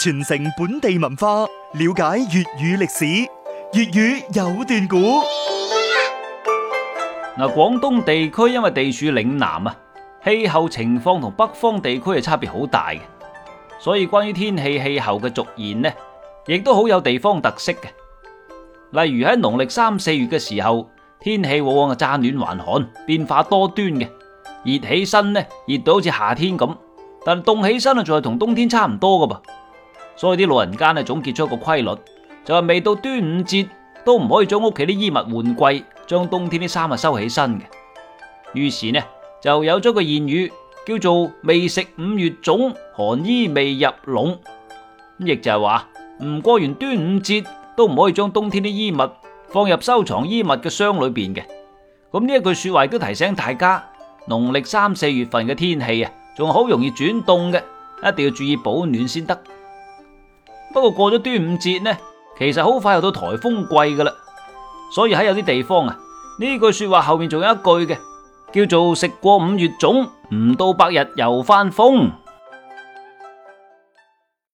傳承本地文化，了解粵語歷史，粵語有段古。嗱，廣東地區因為地處嶺南啊，氣候情況同北方地區係差別好大嘅，所以關於天氣氣候嘅俗諺呢，亦都好有地方特色嘅。例如喺農曆三四月嘅時候，天氣往往係乍暖還寒，變化多端嘅。熱起身呢，熱到好似夏天咁，但係凍起身啊，仲係同冬天差唔多噶噃。所以啲老人家咧，總結出一個規律，就係未到端午節都唔可以將屋企啲衣物換季，將冬天啲衫啊收起身嘅。於是呢，就有咗個諺語叫做未食五月粽，寒衣未入櫳，亦就係話唔過完端午節都唔可以將冬天啲衣物放入收藏衣物嘅箱裏邊嘅。咁呢一句說話都提醒大家，農曆三四月份嘅天氣啊，仲好容易轉凍嘅，一定要注意保暖先得。不過過咗端午節呢，其實好快又到台風季噶啦，所以喺有啲地方啊，呢句說話後面仲有一句嘅，叫做食過五月粽，唔到百日又翻風。